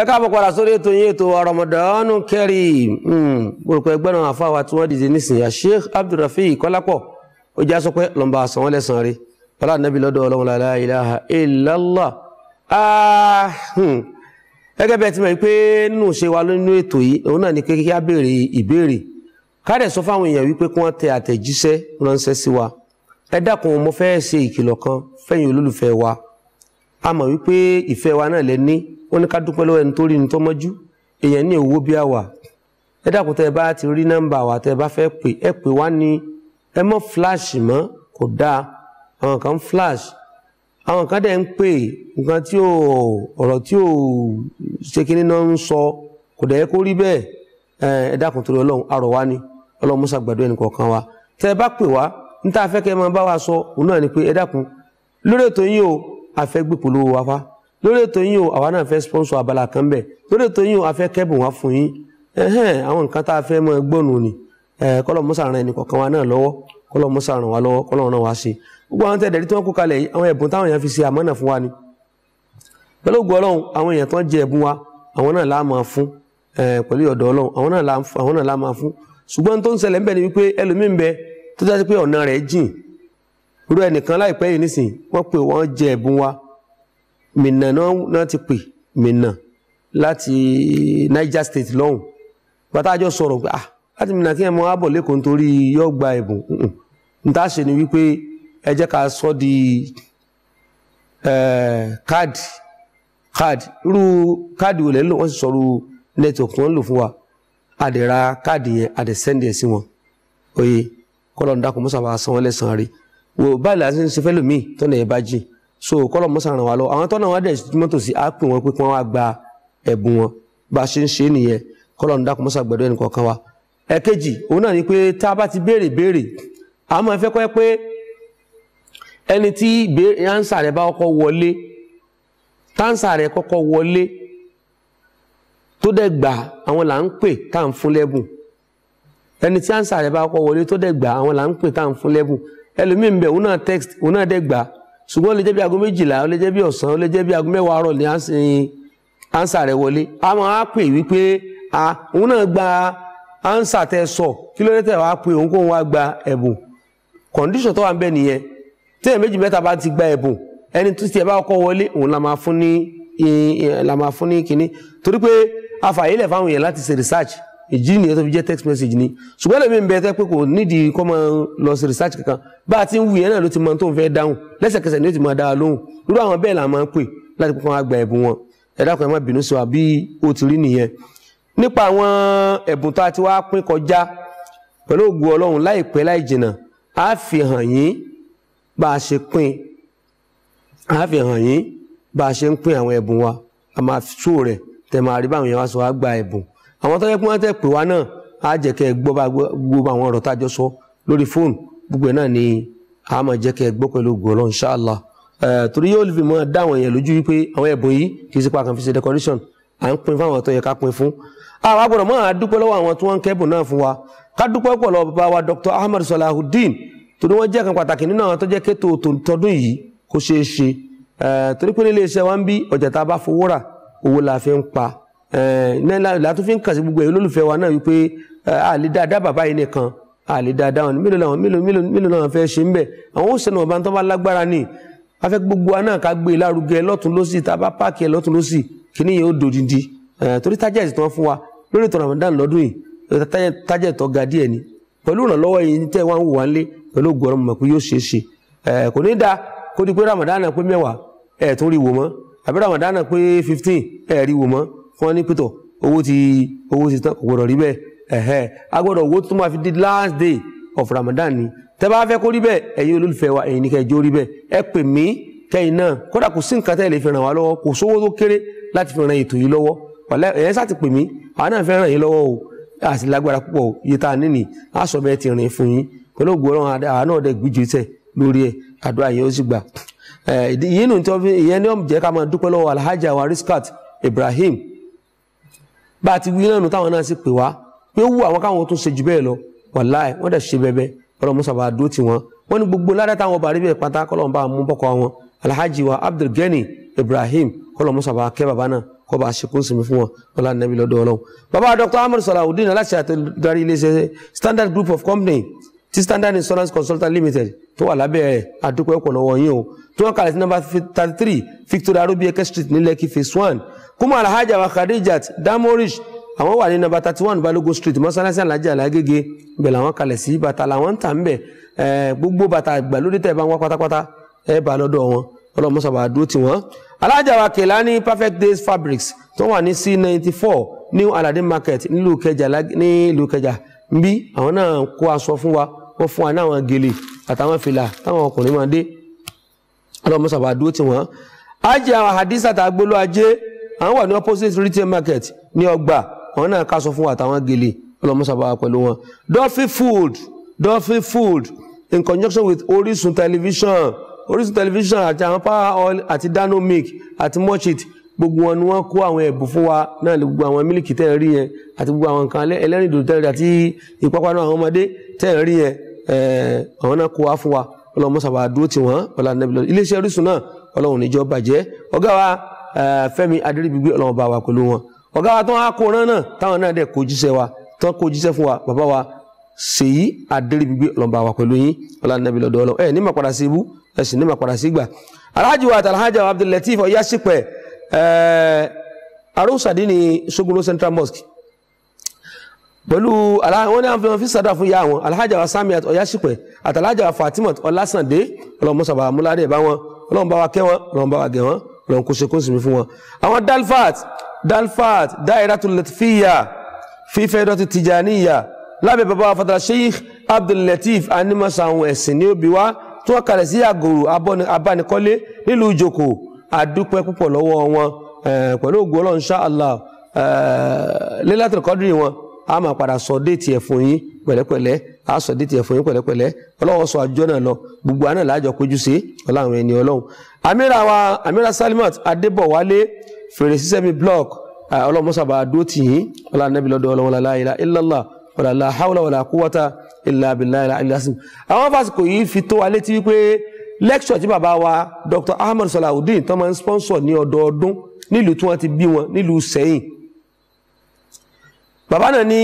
ẹ káàbọ̀ padà sórí ètò yín ètò Ramadan Kareem hmm, orúkọ ẹgbẹ́ náà àfáwà tí wọ́n dìde nísìnyà Sheikh Abdulrafiu Kọ́lápọ̀ ó já sọ pé lọ́nba àsàn wọn lẹ́sàn rí ọlá nàbí lọ́dọ̀ ọlọ́run la ilaha illallah ah, hmm. gẹ́gẹ́ bẹ́ẹ̀ ti mọ̀ pé nínú ṣe wa nínú ètò yìí òun náà ni pé kí á béèrè ìbéèrè káàdẹ̀ sọ fáwọn èèyàn wípé kí wọ́n tẹ àtẹ̀jíṣẹ́ ránṣẹ́ sí wa ẹ dákun mo fẹ́ ṣe ìkìlọ̀ kan fẹ́yìn olólùfẹ́ wa a mọ̀ wípé ìfẹ́ wa náà lẹ ní ó ní ká dúpẹ́ lọ́wọ́ ẹni tó rí ni tó mọ́jú èèyàn ní òwò bí àwà ẹ dàkún tẹ bá ti rí nọ́mbà wa tẹ bá fẹ́ pè ẹ pè wá ní ẹ mọ́ flash mọ́ kò dáa àwọn kan flash àwọn kan dẹ̀ ń pè nǹkan tí ò ọ̀rọ̀ tí ò ṣe kí nínú ń sọ kò dẹ̀ kó rí bẹ́ẹ̀ ẹ dákun torí ọlọ́run arọ̀ wá ni ọlọ́run musa gbàdúrà ẹnì kọ̀ọ̀kan wa tẹ́ ẹ bá pè wá níta afẹ́kẹ́ máa bá wa sọ òun náà ni pé ẹ dákun lórí ètò yín o a fẹ́ gbé polówó wa wá lórí ètò yín o àwa náà fẹ́ sponsor abala kan bẹ̀ lórí ètò yín o a fẹ́ kẹ́bùn wá fún yín ẹ̀hẹ́n àwọn nǹkan tá a fẹ́ mọ gbọ́nù ni kọ́lọ̀ mọ́sà ran ẹnì kọ̀ọ̀kan wa náà lọ́wọ́ kọ́lọ̀ mọ́sà ran wa lọ́wọ́ kọ́lọ̀ ràn wá sí gbogbo àwọn tẹ̀dẹ̀rí tí wọ́n kó kalẹ̀ yìí àwọn ẹ̀bùn táwọn èèyàn fi ṣe àmọ́nà fún wa ni pẹ̀lú ògbó ọlọ́run àwọn èèyàn tó ń jẹ ẹ̀bùn wa àwọn náà láàmà fún pẹ̀lú ọ̀dọ̀ ọlọ́run àwọn náà láàmà fún ṣùgbọ́n tó ń irú ẹnìkan láìpẹ́ yìí nísìn wọ́n pè wọ́n jẹ ẹ̀bùn wa mìnà náà ti pè mìnà láti Niger State lọ́hùn bàtà sọ̀rọ̀ pé ah láti mìnà kí ẹ mọ abọ̀ lẹ́kọ̀ọ́ nítorí yọ gba ẹ̀bùn níta ṣe wípé ẹ jẹ́ ká di káàdì káàdì irú káàdì wo lẹ́ lò wọ́n sì sọ̀rọ̀ network lò fún wa àdẹ̀ra káàdì yẹn si sẹ́ndì ẹ̀ sí wọn òye kọ́lọ́ ń mọ́sàbà wò báyìí láti ṣe fẹ́ lómi tọ́nà ẹ̀ bá jì so kọ́lọ̀ mọ́sà ràn wá lọ àwọn tọ́nà wọn dẹ̀ mọ́tò sí á pè wọn pé kí wọ́n wá gba ẹ̀bùn wọn bá a ṣe ń ṣe nìyẹn kọ́lọ̀ ń dákun mọ́sà gbẹ̀dọ̀ ẹnìkọ̀ọ̀kan wa ẹ̀kejì òun náà ni pé tá a bá ti béèrè béèrè àmọ́ ẹ fẹ́ kọ́ ẹ pé ẹni tí ánsà rẹ̀ bá kọ́kọ́ wọlé táǹsà rẹ̀ kọ́kọ́ wọlé tó dẹ̀ gbà àwọn là ń pè tá à ń fún lẹ́bùn ẹni tí ánsà rẹ̀ bá kọ́kọ́ wọlé tó dẹ̀ gbà àwọn là ń pè tá à ń fún lẹ́bùn ẹlòmíín bẹ̀ òun náà text òun náà dẹ̀ gbà ṣùgbọ́n ó lè jẹ́ bí aago méjìlá ó lè jẹ́ bí ọ̀sán ó lè jẹ́ bí aago mẹ́wàá àárọ̀ ní ansa rẹ̀ wọlé a máa pè wípé òun náà gba ansa tẹ sọ kí ló dé tẹ̀ wá pé òun kó wá gba ẹ̀bùn condition tó wà ń bẹ̀ nìyẹn téèyàn méjì mẹ́ta bá ti gba ẹ̀bùn ẹni tó tiẹ̀ bá kọ́ wọlé òun la máa fún ní la máa fún ní kínní torí pé afàyílẹ̀ fáwọn èèyàn láti ṣe research ìjì nìyẹn tó fi jẹ́ text message ni ṣùgbọ́n lèmi ń bẹ tẹ́ pé kò nídìí kọ́ máa lọ sí research kankan bá a ti ń wù yẹn náà ló ti mọ tó ń fẹ́ dáhùn lẹ́sẹ̀kẹsẹ̀ ni ó ti máa dá a lóhùn irú àwọn bẹ́ẹ̀ là máa ń pè láti pé kí wọ́n á gba ẹ̀bùn wọn ẹ dákun ẹ má bínú sí wa bí ó ti rí nìyẹn nípa àwọn ẹ̀bùn tá a ti wá pín kọjá pẹ̀lú ògo Ọlọ́run láìpẹ́ láì jìnà á fi hàn yín bá a ṣe pín àwọn tó yẹ kí wọ́n tẹ̀ pè wá náà á jẹ́ kẹ́ ẹ gbọ́ bá gbogbo àwọn ọ̀rọ̀ tá a jọ sọ lórí fóònù gbogbo ẹ̀ náà ni a máa jẹ́ kẹ́ ẹ gbọ́ pẹ̀lú gòlọ́ torí yóò fi mọ́ dá àwọn lójú wípé àwọn ẹ̀bùn yìí kì í ṣe pa fi ṣe decoration à ń pin fáwọn tó yẹ ká pin fún àwa gbọ́dọ̀ máa dúpẹ́ lọ́wọ́ àwọn tí wọ́n ń kẹ́bùn náà fún wa ká dúpẹ́ pọ̀ lọ́wọ́ bàbá wa Dr. Ahmed Salahuddin torí wọ́n jẹ́ kan pàtàkì nínú àwọn tó jẹ́ kéto tọdún yìí kó ṣeé ṣe torí pé nílé iṣẹ́ wa ń bí ọjà tá a bá fowó rà owó la fi ń pa Eh, látún fi ń kàn sí gbogbo èyí e, olólùfẹ́ wa náà wípé eh, a lè dáadáa bàbá yìí nìkan a lè dáadáa wọn mélòó làwọn mélòó mélòó mélòó làwọn fẹ́ ṣe ń bẹ̀ àwọn òṣèlú ọba tó bá lágbára ni a fẹ́ gbogbo wa náà ká gbé e lárugẹ lọ́tún lọ́sì tá a bá páàkì ẹ lọ́tún lọ́sì kíní yẹn ó dòdìdì eh, torí tájà ìsìn tó wọn fún wa lórí ètò Ramadan lọ́dún yìí tájà ìtọ́ ga díẹ̀ ni pẹ̀lú ìrànlọ́wọ́ yìí tẹ́ wọn wò wá ń lé pẹ̀lú ògùn ọ̀rọ̀ mọ̀ pé yóò ṣeé ṣe kò ní dáa wọ́n ní pétọ̀ owó ti owó ti tán kò gbọdọ̀ rí bẹ́ẹ̀ ẹ̀hẹ́ a owó tó máa fi di last day of Ramadan ni tẹ́ bá fẹ́ kó rí bẹ́ẹ̀ ẹ̀yin olólùfẹ́ wa ẹ̀yin nìkẹ́ jó rí bẹ́ẹ̀ ẹ pè mí kẹ́yìn náà kódà kò sí nǹkan tẹ́ fi ràn wá lọ́wọ́ kò sówó tó kéré láti fi ràn ètò yìí lọ́wọ́ ẹ̀yẹ́ sá ti pè mí àwọn náà fẹ́ ràn yín lọ́wọ́ o àti lágbára púpọ̀ iye tá a ní nì á sọ ti rìn fún yín pẹ̀lú ògùn ọlọ́run àwa náà dẹ̀ gbìjì tẹ̀ lórí ẹ̀ àdúrà yẹn ó sì gbà. ìyẹn ní ìyẹn ní ká máa dúpẹ́ lọ́wọ́ alhaji awa riskat Ibrahim bá a ti wí náà nù táwọn náà sì pè wá pé ó wù àwọn káwọn tó ṣe jù bẹ́ẹ̀ lọ wàláì wọ́n dẹ̀ ṣe bẹ́ẹ̀ ọlọ́mọsàbà dó tì wọ́n wọ́n ní gbogbo ládàá táwọn ọba àríbẹ̀ pátá kọ́lọ́mù bá mú bọ́kọ wọn alhaji wa abdulgani ibrahim kọ́lọ́mọsàbà kẹ́ bàbá náà kọ́ bá a ṣe kún sinmi fún wọn ọlá nàbí lọ́dọ̀ ọlọ́run bàbá dr amadu salawudeen aláṣẹ àtẹ̀dárí iléeṣẹ́ standard group of company ti standard insurance consultant limited tó wà lábẹ́ ẹ̀ àdúpẹ́ ọ̀pọ̀lọpọ̀ yín o tó wọ́n kalẹ̀ sí number thirty three victoria arobieke street ní lekki phase one kúmọ̀ alhaja wa khadijat damorish àwọn wà ní nọ́mbà thirty one balógun street mọ́sálásí alájì alágége ibẹ̀ làwọn kalẹ̀ sí bàtà làwọn ń tà ń bẹ̀ gbogbo bàtà ìgbàlódé tẹ̀ bá ń wá pátápátá ẹ bá lọ́dọ̀ wọn ọlọ́mọ sábà dúró tì wọ́n. alájà wa kèlá ní perfect days fabrics tó wà ní c ninety four new aladdin market nílùú kẹjà nílùú kẹjà nbí àwọn náà kó aṣọ fún wa wọ́n fún wa náwọn gèlè àtàwọn fìlà táwọn ọkùnrin máa dé ọlọ́mọ sábà dúró tì wọ́n. ajé àwọn àdìsá tá àwọn wà ní opposite retail market ní ọgbà àwọn náà ká sọ fún wa àtàwọn gèlè ọlọmọsàbà pẹ̀lú wọn. Duffy Food Duffy Food in conjunction with Orisun Television Orisun Television àti àwọn Power Oil àti Danomic àti Mochit gbogbo wọn ni wọn kó àwọn ẹ̀bùn fún wa náà lè gbogbo àwọn mílìkì tẹ̀ ń rí yẹn àti gbogbo àwọn nǹkan ẹlẹ́rìndòdò tẹ̀ ń rí àti ìpápánu àwọn ọmọdé tẹ̀ ń rí yẹn eh, àwọn náà kó wa fún wa ọlọmọsàbà dúró tiwọn ọlànà iléeṣẹ́ Orisun náà ọlọ́run níjọ bàjẹ́ ọ̀gá wa Fẹ́mi Adéríbigbé Ọlọ́run bá wa pẹ̀lú wọn ọ̀gá wa tó wá kó rán náà táwọn náà dẹ̀ kó jíṣẹ́ wa tó kó jíṣẹ́ fún wa bàbá wa Ṣèyí Adéríbigbé Ọlọ́run bá wa pẹ̀lú yín ọlànàbí lọ́dọ̀ Ọlọ́run ẹ ní mà padà sí ibú ẹ sì ní mà padà sí gbà aláàjì wa àtàlàhájà wa Abdulateef Ọyásípẹ Arúsàdí ní Sogolo Central Mosque pẹ̀lú wọn ní àwọn fi sàdá fún ya wọn alhaja wa Samiat Ọyásípẹ àtàlàjà wa Fatima Ọlásàndé Ọlọ́run mọ́sàbà múládé bá wọn Ọlọ́run bá wa kẹ́ wọn Ọlọ́run bá wa gẹ̀ wọn lọ́n kó ṣe kó sì mí fún wọn. àwọn dalfat dalfat dairatul latfiya fifedati tijaniya lábẹ́ bàbá wa fatara sheikh abdullateef animasa àwọn ẹ̀sìn ní òbí wa tí wọ́n kalẹ̀ sí àgòrò abánikọ́lé nílùú ìjòkó àdúpẹ́ púpọ̀ lọ́wọ́ wọn pẹ̀lú ògùn ọlọ́run insha Allah lailatul wọn a máa padà sọ déètì ẹ̀ fún yín pẹ̀lẹ́pẹ̀lẹ́ àásọ̀ dé tiẹ̀ fún yín pẹ̀lẹ́pẹ̀lẹ́ ọlọ́wọ́ sọ àjọ náà lọ gbogbo àná làájọ péjú sí ọláwọn ẹni ọlọ́run. amira wa amira salimat adébọ̀wálé fèrè sísẹ́mi block ọlọ́mọsàbà dúró tì yín ọlọ́nàbí lọ́dọ̀ ọlọ́wọ́lá la ilaha illallah wàlá hawla wàlá quwwata illa billahi aliasim. àwọn fásitì yìí fi tó wa létí wípé lẹ́kṣọ̀ tí bàbá wa dr ahmed salawudeen tó máa ń sponsor ní ọdọọdún nílùú tí wọ́n ti bí wọn nílùú sẹ́yìn. bàbá náà ní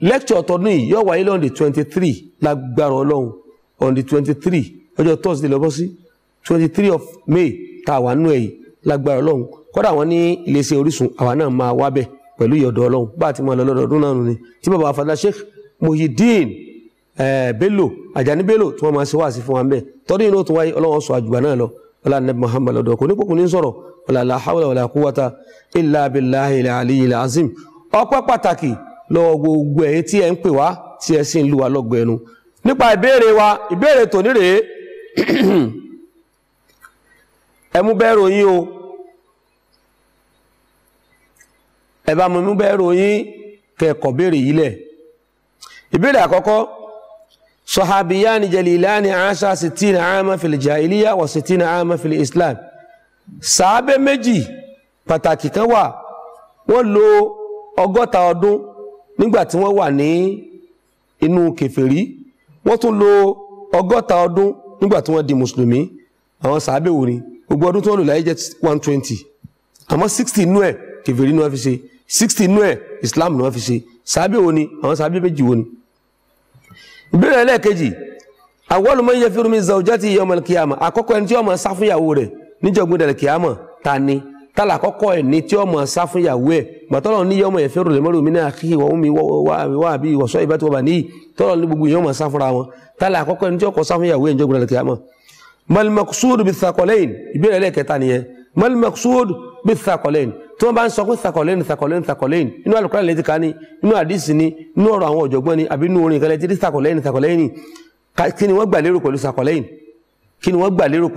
lecture tọdún yìí yóò wáyé lọ́n twenty three lágbára ọlọ́run on the twenty three ọjọ́ thursday lọ́bọ́ sí twenty three of may tá a wà nù ẹ̀yìn lágbára ọlọ́run kọ́dà wọn ní iléeṣẹ́ orísun àwa náà máa wá bẹ̀ pẹ̀lú ìyọ̀dọ̀ ọlọ́run bá a ti máa lọ lọ́dọọdún náà nù ni tí bàbá afadá sheikh muhyiddin bello ajani bello tí wọ́n máa ṣe wáàsí fún wa bẹ́ẹ̀ tọ́dún yìí ló tún wáyé ọlọ́run sọ àjùbà náà lọ ọlá muhammad lọ́dọ̀ kò ní kókò la hawla wala quwwata illa billahi al-aliyyil azim ọpẹ́ pàtàkì lọ́wọ́ gbogbo ẹ̀yin tí ẹ ń pè wá tí ẹ sì ń ẹnu nípa ìbéèrè wa ìbéèrè tòní rèé o ẹ mú bẹ́ẹ̀ ròyìn kẹ́kọ̀ọ́ béèrè sahabiyani jalilani islam méjì pàtàkì kan wà wọ́n lo ọgọ́ta ọdún nígbà tí wọ́n wà ní inú kèfèrí wọ́n tún lo ọgọ́ta ọdún nígbà tí wọ́n di mùsùlùmí àwọn sàábẹ̀ wò ni gbogbo ọdún tí wọ́n lò láyé jẹ́ one twenty àmọ́ sixty inú ẹ̀ kèfèrí ni wọ́n fi ṣe sixty inú ẹ̀ Islam ni wọ́n fi ṣe sàábẹ̀ wò ni àwọn sàábẹ̀ méjì wò ni. ìbéèrè ẹlẹ́ẹ̀kejì awwalu man yafiru min zawjati yawm al-qiyamah àkọ́kọ́ ẹni tí ó máa sá fún ìyàwó rẹ̀ níjọ́gbọ́n dàlẹ́ ta ni tala kọ́kọ́ ẹ̀ ní tí ọmọ sá fún ìyàwó ẹ̀ gbàtọ́lọ̀ ní yọmọ ẹ̀fẹ́ rò lẹ́mọ́rò mi náà kí wọ́n mi wá àbí wọ̀sọ́ ìbá tí wọ́n bá ní tọ́lọ̀ ní gbogbo ìyọmọ sá fúnra wọn tala kọ́kọ́ ẹ̀ ní tí ọkọ̀ sá fún ìyàwó ẹ̀ ń jẹ́ gbọ́dọ̀ kìá mọ̀. mal maqsud bi thaqalain ìbéèrè lẹ́ẹ̀kẹta nìyẹn mal maqsud bi thaqalain tí wọ́n bá ń sọ pé thaqalain thaqalain thaqalain inú alukura lè ti ka ni inú àdìsí ni inú ọ̀rọ̀ àwọn ọ̀jọ̀gbọ́n ni àbí inú orin ìkẹlẹ́ ti di thaqalain thaqalain ni wọ́n gbà lérò pẹ̀lú thaqalain kí ni wọ́n gbà lérò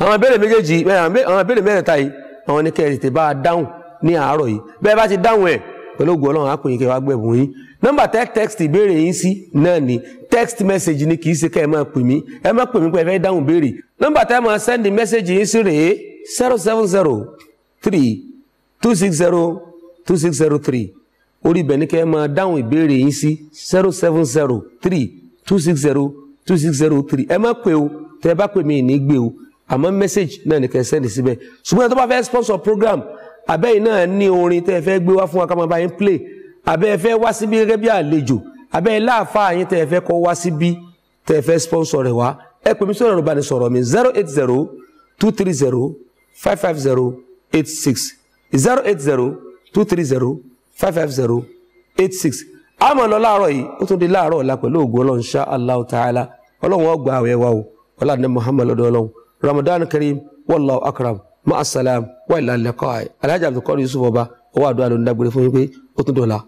àwọn ìbéèrè méjèèjì àwọn ìbéèrè mẹ́rẹ̀ẹ̀ta yìí àwọn ní kẹ́ẹ̀ tètè bá a dáhùn ní àárọ̀ yìí bẹ́ẹ̀ bá ti dáhùn ẹ̀ pẹ̀lú ògùn ọlọ́run àpòyìn kẹwàá gbẹ̀bùn yín nọ́mbà tẹ́ text ìbéèrè yín sí náà ni text message ni kì í ṣe ká ẹ máa pè mí ẹ máa pè mí pé ẹ fẹ́ dáhùn béèrè nọ́mbà tẹ́ máa send message yín sí rèé zero seven zero three two six zero two six zero three orí ibẹ̀ ni kẹ́ ẹ máa dáhùn ìbéèrè yín sí zero seven zero three two six zero two six zero three ẹ má pè o tẹ́ ẹ bá pè mí ní gbé o àmọ́ message náà nìkan sẹ́ndì síbẹ̀ ṣùgbọ́n tó bá fẹ́ sponsor program abẹ́yìn náà ní orin tẹ́ ẹ fẹ́ gbé wá fún wa ká máa bá yín play abẹ́ ẹ fẹ́ wá síbí gẹ́gẹ́ bí àlejò abẹ́ ẹ láàfáà yín tẹ́ ẹ fẹ́ kọ́ wá síbí tẹ́ ẹ fẹ́ sponsor rẹ̀ wá ẹ pè mí sọ̀rọ̀ ẹ̀rọ ìbánisọ̀rọ̀ mi zero eight zero two three zero five five zero eight six zero eight zero two three zero five five zero eight six a máa lọ láàárọ̀ yìí ó tún di láàárọ̀ ọ̀la pẹ̀lú ògùn ọlọ́run ṣá Allahu ta'ala ọlọ́run ó gba àwẹ̀ wa o ọlá Ramadan Kareem wallahu akram ma'asalam wa ilà liqa'i Alhaji Abdulkadir Yusuf Ọba ọwọ́ àdúrà ló ń dágbére fún yín pé ó tún dọ̀la.